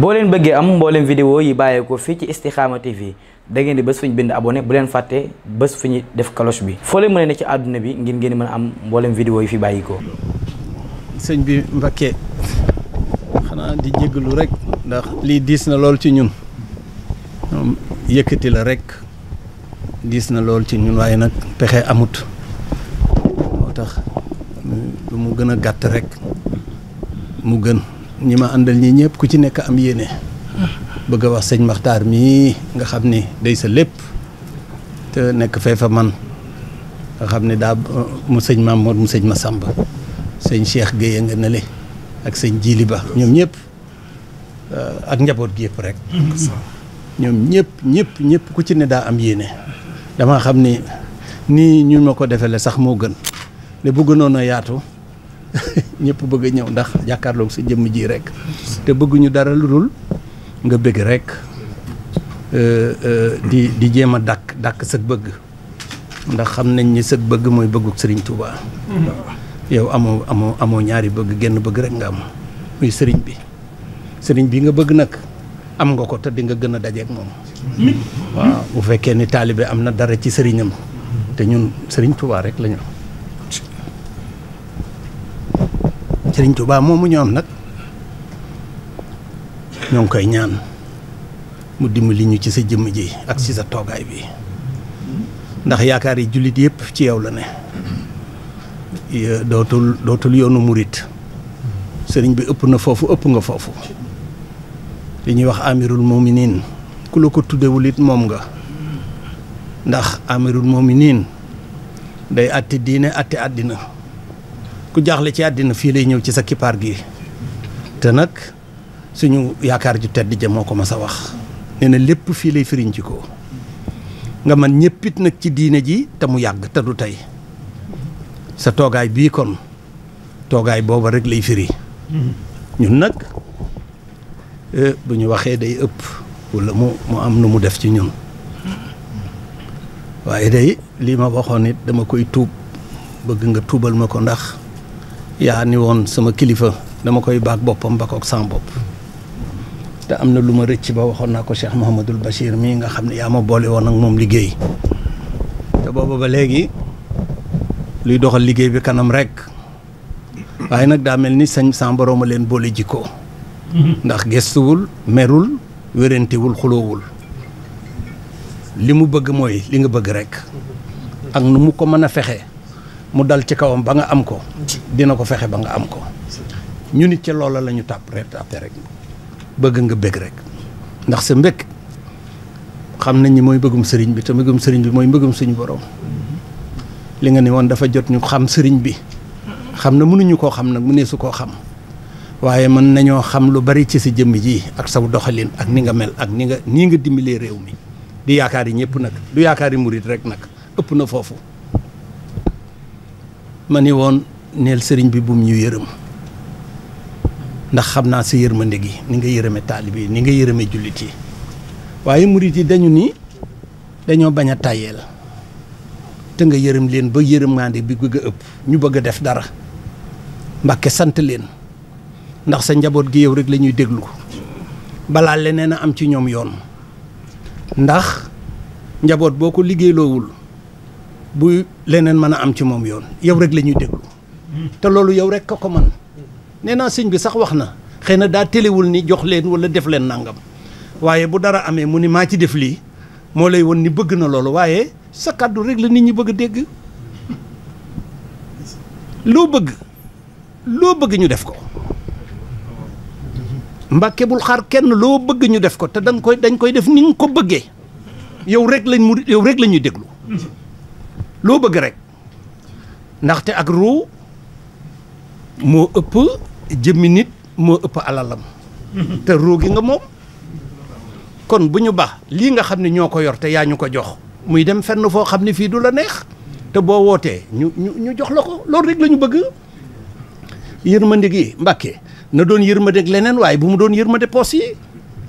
boo leen bëggee am mbooleem vidéo yi bàyyeekoo fii ci Istikhama TV da ngeen di bés fu ñu bind abone bu leen fàttee bés fu ñu def cloche bi foo leen mën a ne ci àdduna bi ngir ngeen mën a am mbooleem vidéo yi fi bàyyikoo sëñ bi Mbakke xanaa di jéggalu rek ndax lii diis na lool ci ñun yëkkati la rek diis na lool ci ñun waaye nag pexee amut moo tax lu mu gën a gàtt rek mu gën ñi ma àndal ñi ñëpp ku ci nekk am yéene bëgg a wax sëñ Maxtaar mii nga xam ni day sa lépp te nekk fee fa man nga xam ne daa mu sëñ Mamour mu sëñ Massamba sëñ Cheikh Guèye nga nele ak sëñ Jili Ba ñoom ñëpp euh, ak njaboot gi yëpp rek ñoom ñëpp ñëpp ñëpp ku ci ne daa am yéene damaa xam ni nii ñu ma ko defele sax moo gën de bëgg noonu a yaatu ñépp bëgg ñëw ndax jàkkaarloog sa jëmm jii rek te bëgguñu dara lu dul nga bëgg rek euh, euh, di di jéem a dàkk dàkk sa bëgg ndax xam nañ ni sa bëgg mooy bëgguk sëriñ Touba. Mm-hmm. yow amoo amoo amoo ñaari bëgg genn bëgg rek nga am muy Serigne bi sëriñ bi nga bëgg nag am nga ko te di nga gën a dajeek moom. waaw bu fekkee ni taalibe am na dara ci sëriñam te ñun sëriñ Touba rek la sëriñ Tuubaa moomu ñoom nag ñoo ngi koy ñaan mu dimbali ñu ci sa jëmm ji ak ci sa toogaay bi ndax yaakaar yi jullit yépp ci yow la ne dootul dootul yoonu murit sëriñ bi ëpp na foofu ëpp nga foofu li ñuy wax amirul mominin ku la ko tuddewul it moom nga ndax amirul mominin day atti diine atti àddina ku jaaxle ci àddina fii lay ñëw ci sa kippaar gi te nag suñu yaakaar ju tedd ja moo ko mas a wax nee na lépp fii lay firiñ ci ko nga man ñëppit nag ci diine ji te mu yàgg te du tey sa toogaay bii kon toogaay booba rek lay firi ñun nag e, bu ñu waxee day ëpp walla mu mu am nu mu def ci ñun waaye day lii ma waxoon it dama koy tuub bëgg nga tuubal ma ko ndax yaa ni woon sama kilifa dama koy baag boppam bakoog sans bopp te am na lu ma rëcc ba waxoon naa ko Cheikh Mouhamadul Bachir mii nga xam ne yaa ma boole woon ak moom liggéey te booba ba léegi luy doxal liggéey bi kanam rek waaye nag daa mel ni sañ sàmbaroo ma leen boole jikkoo ndax gestuwul merul wérantewul xuloowul li mu bëgg mooy li nga bëgg rek ak nu mu ko mën a fexe mu dal ci kawam ba nga am ko dina ko fexe ba nga am ko ñu nit ca loola lañu ñu tàpp rek bëgg nga bëgg rek ndax sa mbëgg xam nañ ñi mooy bëggum sëriñ bi te mbëggum sëriñ bi mooy mbëggum suñu borom li nga ne woon dafa jot ñu xam sëriñ bi xam na mënuñu koo xam nag mu ne su koo xam waaye mën nañoo xam lu bari ci si jëmm jii ak saw doxalin ak ni nga mel ak ni nga nii nga dimbilee réew mi di yaakaar yi ñëpp nag du yaakaar yi murit rek nag ëpp na foofu ma ni woon neel sëriñ bi bum ñu yërëm ndax xam naa sa yërmande gi ni nga yërëme taalib yi ni nga yërëme jullit yi waaye murit yi dañu ni dañoo bañ a tàyyeel te nga yërëm leen ba yërëmaande bi bëgg a ëpp ñu bëgg a def dara mbàkke sant leen ndax sa njaboot gi yow rek la ñuy déglu balaa leneen a am ci ñoom yoon ndax njaboot boo ko liggéeyloowul bu leneen mën a am ci moom yoon yow rek lañuy déglu te loolu yow rek ko man nee naa sëñ bi sax wax na xëy na daa téléwul ni jox leen wala def leen nangam waaye bu dara amee mu ni maa ci def lii moo lay won ni bëgg na loolu waaye sa kàddu rek la nit ñi bëgg a dégg loo bëgg loo bëgg ñu def ko mbàkke bul xaar kenn loo bëgg ñu def ko te dañ koy dañ koy def ni ko bëggee yow rek lañ mu yow rek lañuy ñuy déglu loo bëgg rek ndaxte ak ruu moo ëpp jëmmi nit moo ëpp alalam te ruugi nga moom kon bu ñu baax lii nga xam ne ñoo ko yor te yaa ñu ko jox muy dem fenn foo xam ne fii du la neex te boo wootee ñu ñu jox la ko loolu rek la ñu bëgg yërmande gi Mbàkke na doon yërmande leneen waaye bu mu doon yërmande poos yi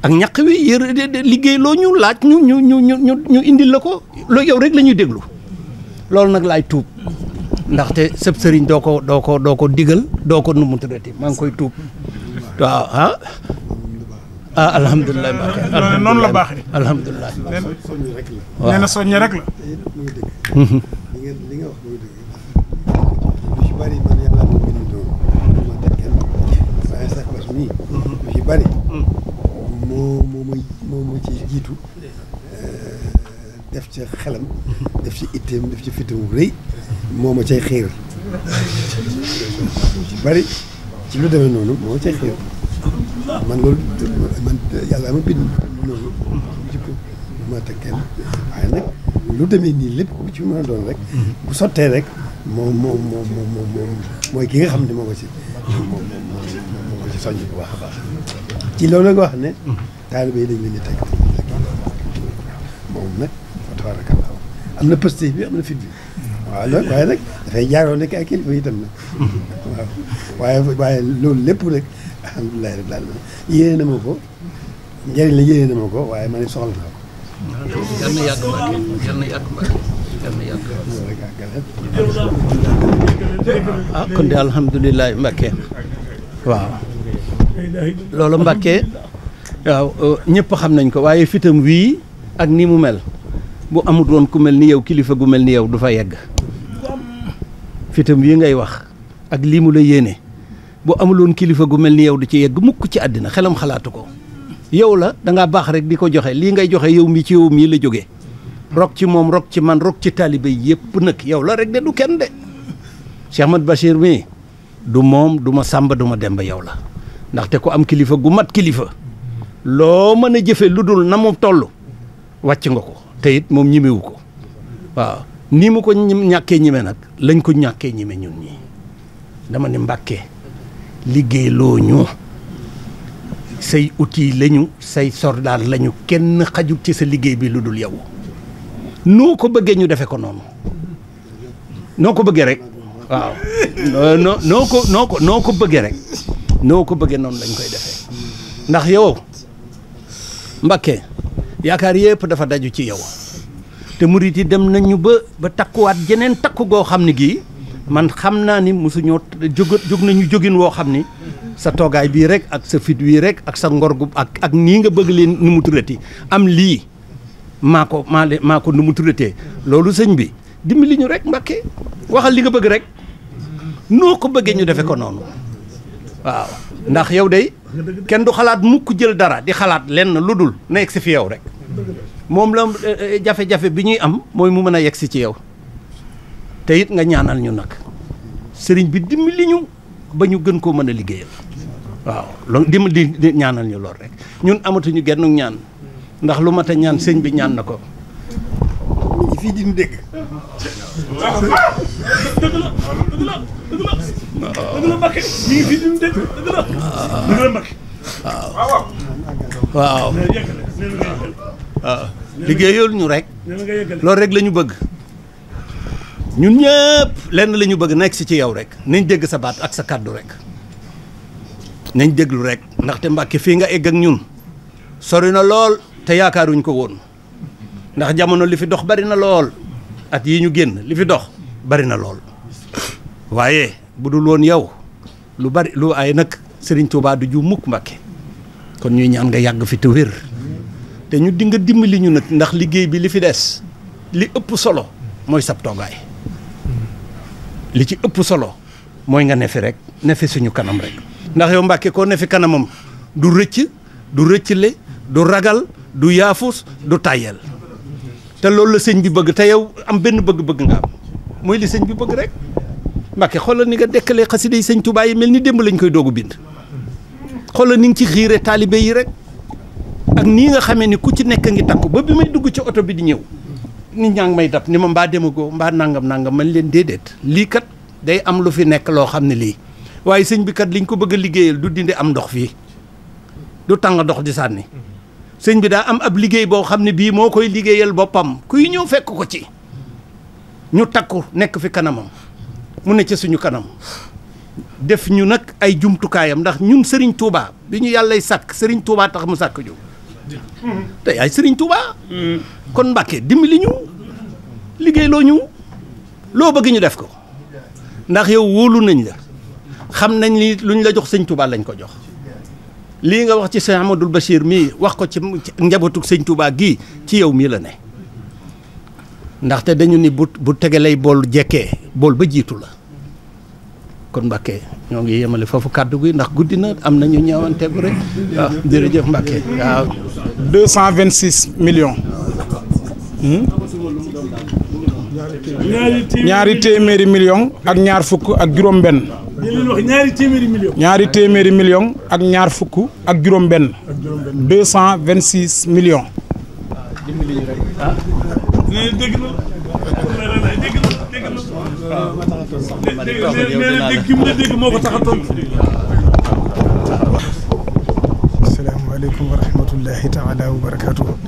ak ñaq wi yër liggéey loo ñu laaj ñu ñu ñu ñu ñu indil la ko loolu yow rek la ñuy déglu loolu nag laay tuub ndaxte sëb sëriñ doo ko doo ko doo ko digal doo ko nu mu maa ngi koy tuub waaw ah ah la baax ni alhamdulilah soññ rek la nee li nga wax ci bari man yàlla moo jiitu def ci xelam def ci itteem def ci fitam rëy moo ma cay xiir bari ci lu demee noonu moo ma cay xiir man loolu man yàlla ma bind noonu ma teg kenn waaye nag lu demee nii lépp ci mën rek bu sottee rek moom moom moom mooy ki nga xam ne moo ko ci moom moom ci la nga wax ne taalibe yi dañ leen di teg nag fa tabaaraka Allah am na pësté bi am na fit bi waaw loolu waaye nag dafay loolu lépp nag alhamdulilah rabbil ko njëriñ ko waaye man soxla naa ko. yal na yàgg ah, waaw loolu Mbàkke waaw euh, ñëpp xam nañ ko waaye fitam wii ak ni mu mel bu amut woon ku mel ni yow kilifa gu mel ni yow du fa yegg. fitam yi ngay wax ak lii mu la yéene bu amuloon kilifa gu mel ni yow du ci yegg mukk ci àddina xelam xalaatu ko yow la danga baax rek di ko joxe lii ngay joxe yow mi ci yow mii la jóge rok ci moom rok ci man rok ci taalibe yëpp nag yow la rek de du kenn de Cheikh Ahmad mii du moom duma sàmba duma dem ba yow la ndaxte ko am kilifa gu mat kilifa loo mën a jëfe lu dul na mu toll wàcc nga ko te it moom ñimiwu ko waaw ni mu ko ñàkkee ñime nag lañ ko ñàkkee ñime ñun ñi dama ne Mbàkke liggéey loo ñu say uti lañu say sordaar lañu kenn xajul ci sa liggéey bi lu dul yow noo ko bëggee ñu defe ko noonu noo ko bëggee rek waaw euh, noo ko noo noo ko bëggee rek noo ko bëggee noonu lañ koy defee ndax yow Mbàkke yaakaar yépp dafa daju ci yow te murit yi dem nañu ba ba takkuwaat jeneen takku goo xam ne gii man xam naa ni mosuñoo jóg jóg nañu jógin woo xam ni sa toogaay bii rek ak sa fit wii rek ak sa ngor gu ak ak nii nga bëgg leen nu mu turatee am lii maa ko maa le maa ko nu mu turatee loolu sëñ bi dimbali rek Mbàkke waxal li nga bëgg rek noo ko bëggee ñu defe ko noonu waaw ndax yow day kenn du xalaat mukk jël dara di xalaat lenn lu dul nekk si fi yow rek moom la jafe-jafe bi ñuy am mooy mu mën a yegsi ci yow te nga ñaanal ñu nag sëriñ bi dimbali ñu ba ñu gën koo mën a liggéeyal waaw loolu dimbali ñaanal ñu lool rek ñun amatuñu genn ñaan ndax lu mat a ñaan sëñ bi ñaan na ko. waaw waaw. waaw ñu rek loolu rek lañu bëgg ñun ñëpp lenn la bëgg nekk si ci yow rek nañ dégg sa baat ak sa kàddu rekk nañ déglu rek ndaxte Mbàkke fii nga egg ak ñun sori na lool te yaakaaruñ ko woon ndax jamono li fi dox bari na lool at yi ñu génn li fi dox bari na lool waaye bu dul woon yow lu bari lu ay nag Sëriñ Tuubaa du ju mukk Mbàkke kon ñuy ñaan nga yàgg fi te wér te ñu dinga nga dimbali ñu nag ndax liggéey bi li fi des li ëpp solo mooy sab toogaay li ci ëpp solo mooy nga nefi rek nefi suñu kanam rek ndax yow Mbàkke koo nefi kanamam du rëcc du rëccale du ragal du yaafus du tàyyeel te loolu la sëñ bi bëgg te yow am benn bëgg-bëgg nga am mooy li sëñ bi bëgg rek Mbàkke xoolal ni nga dekkalee xasida yi sëñ Tuubaa yi mel ni démb lañ koy doogu bind xoolal ni nga ci xiire taalibe yi rek ak nii nga xamee ni ku ci nekk ngi takku ba bi may dugg ci oto bi di ñëw nit ñaa ngi may dab ni ma mbaa demagoo mbaa nangam nangam mañ leen déedéet lii kat day am lu fi nekk loo xam ne lii waaye sëñ bi kat liñ ko bëgg liggéeyal du dindi am ndox fii du tàng ndox di sànni sëñ bi daa am ab liggéey boo xam ne bii moo koy liggéeyal boppam kuy ñëw fekk ko ci ñu takku nekk fi kanamam mu ne ci suñu kanam def ñu nag ay jumtukaayam ndax ñun sëriñ Touba bi ñu yàllay sàkk sëriñ Touba tax mu sàkk ju te yaay sëriñ Touba. kon Mbàkke dimbali ñu liggéey loo ñu loo bëgg ñu def ko ndax yow wóolu nañ la xam nañ ni luñ la jox sëñ Touba lañ ko jox. lii nga wax ci sëñ Amadou Bachir mii wax ko ci njabootu sëñ Touba gii ci yow mii la ne ndaxte dañu ni bu bu lay bool jekkee bool ba jiitu la. kon Mbacke ñoo ngi yemale foofu kàddu gi ndax guddi na am na ñu ñaawanteegu rek waaw jërëjëf Mbacke waaw. cent vingt six million hmm? ñaari téeméeri millions ak ñaar fukk ak juróom-benn. ñaari téeméeri millions. ak ñaar fukk cent vingt six million na dégg na dégg na nee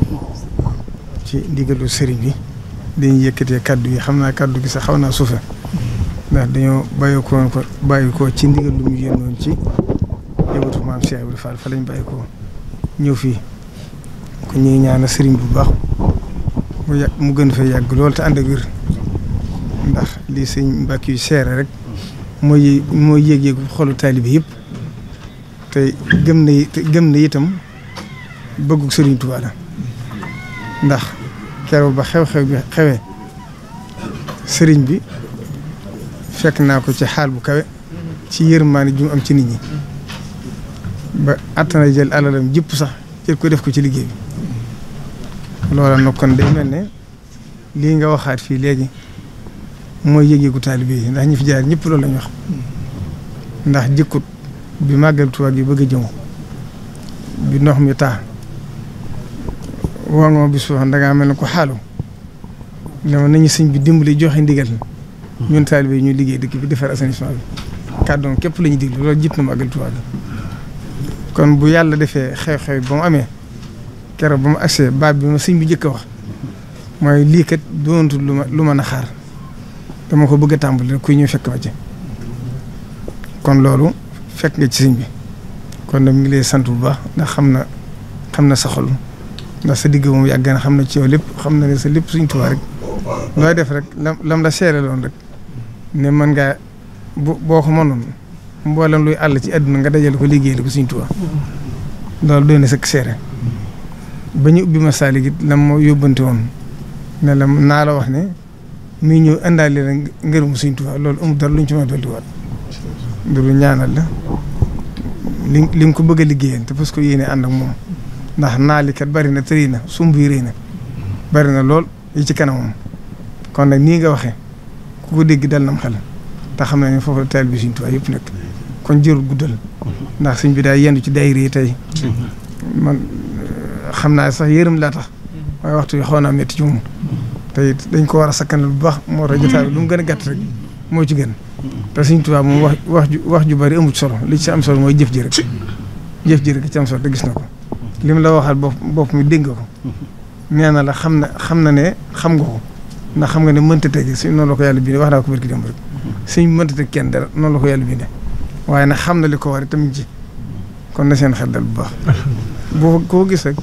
ci ndigalu sëriñ bi dañuy yëkkatee kaddu yi xam naa kàddu gi sax xaw naa suufe ndax dañoo bàyyi ko ci ndigal lu mu yéenoon ci yëngatu maam Cheikh Ibrahima Fall fa lañ bàyyi ko ñëw fii kon ñuy ñaanal sëriñ bu baax mu yà mu gën fee yàgg loolu te ànd ak wér ndax li sëñ mbakk yu seere rek mooy mooy yéeg-yéegu xolu taalibe yëpp te gëm na gëm na itam bëggu sëriñ Tuubaa ndax keroog ba xew-xew bi xewee sëriñ bi fekk naa ko ci xaal bu kawe ci yërmaane ju am ci nit ñi ba attana jël alalam jëpp sax jël ko def ko ci liggéey bi loola nag kon day mel ne lii nga waxaat fii léegi mooy ku taalibe yi ndax ñi fi jaar ñëpp loolu la ñu wax ndax jëkkut bi màggal Tuubaa gi bëgg a jëmoo bi ndox mi taa woo nga ma bis da ngaa mel ne ko xaalu dama nañu sëñ bi dimbali joxe ndigal ñun taalibe yi ñuy liggéey dëkk bi defar assainissement bi kàddoom képp la ñuy déglu loolu jiit na màggal kon bu yàlla defee xew-xew ba mu amee keroog ba mu agsee baab bi ma sëñ bi njëkk a wax mooy lii kat doontul lu ma lu mën a xaar. dama ko bëgg a tàmbali kuy ñëw fekk ma ci kon loolu fekk nga ci siñ bi kon nag mu ngi lay sant bu baax ndax xam na xam na sa xol ndax sa digg moom yàgg na xam na ci yow lépp xam na lépp suñ Tuubaa rek looy def rek lam lam la seere loon rek ne mën ngaa bu boo ko mënoon mboolem luy àll ci àdduna nga dajale ko liggéey ko suñ loolu doy na sëkk seere ba ñu ubbi ma saali gi lam moo yóbbante woon ne la naa la wax ne muy ñëw indaale leen ngërëmu Sëriñ Tuubaa loolu amul dara lu ñu ci mën a li li nga ko bëgg a liggéeyal te parce que yéene ànd ak moom ndax naali bari na tëri na sumb yi rëy na bari na lool yi ci kanamam kon na nii nga waxee ku ko dégg dal na mu xel te xam nañ ne foofu la taal bi Sëriñ Tuubaa yëpp nekk kon jërul guddal ndax sëñ bi daay yendu ci daayira yi tey mm-hmm. man euh, xam naa sax yërëm laa tax waxtu bi xaw naa métti te it dañ ko war a sakkanal bu baax moo tax jotaay bi lu mu gën a gàtt rek moo ci gën te Sëriñ Tuubaa moom wax wax ju wax ju bari amut solo li ci am solo mooy jëf ji rek jëf ji rek ci am solo te gis na ko li mu la waxal bopp bopp mi dégg nga ko nee na la xam na xam na ne xam nga ko ndax xam nga ne mënta teg suñ noonu la ko yàlla bindee wax naa ko barki démb rek suñ mënta teg kenn dara noonu la ko yàlla bindee waaye nag xam na li ko war itam ci kon na seen xel dal bu baax boo koo gis rek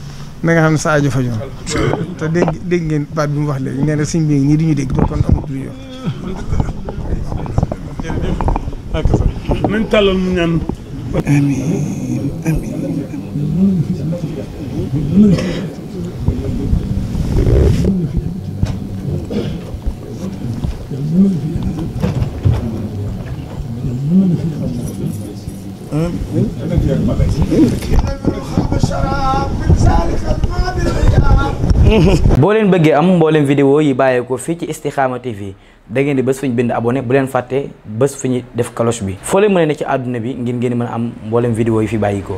na nga xam ne sa aajo fajoon te dégg dégg ngeen bi mu wax léegi nee na suñ bi nii duñu dégg kon amut lu ñuy wax. nañ mu ñaan. boo leen bëggee am mboolem vidéo yi bàyyeekoo fii ci Istikhama TV da ngeen di bés fu ñu bind abone bu leen fàttee bés fu ñu def cloche bi foo leen mën a ci àdduna bi ngir ngeen mën a am mboolem vidéo yi fi bàyyikoo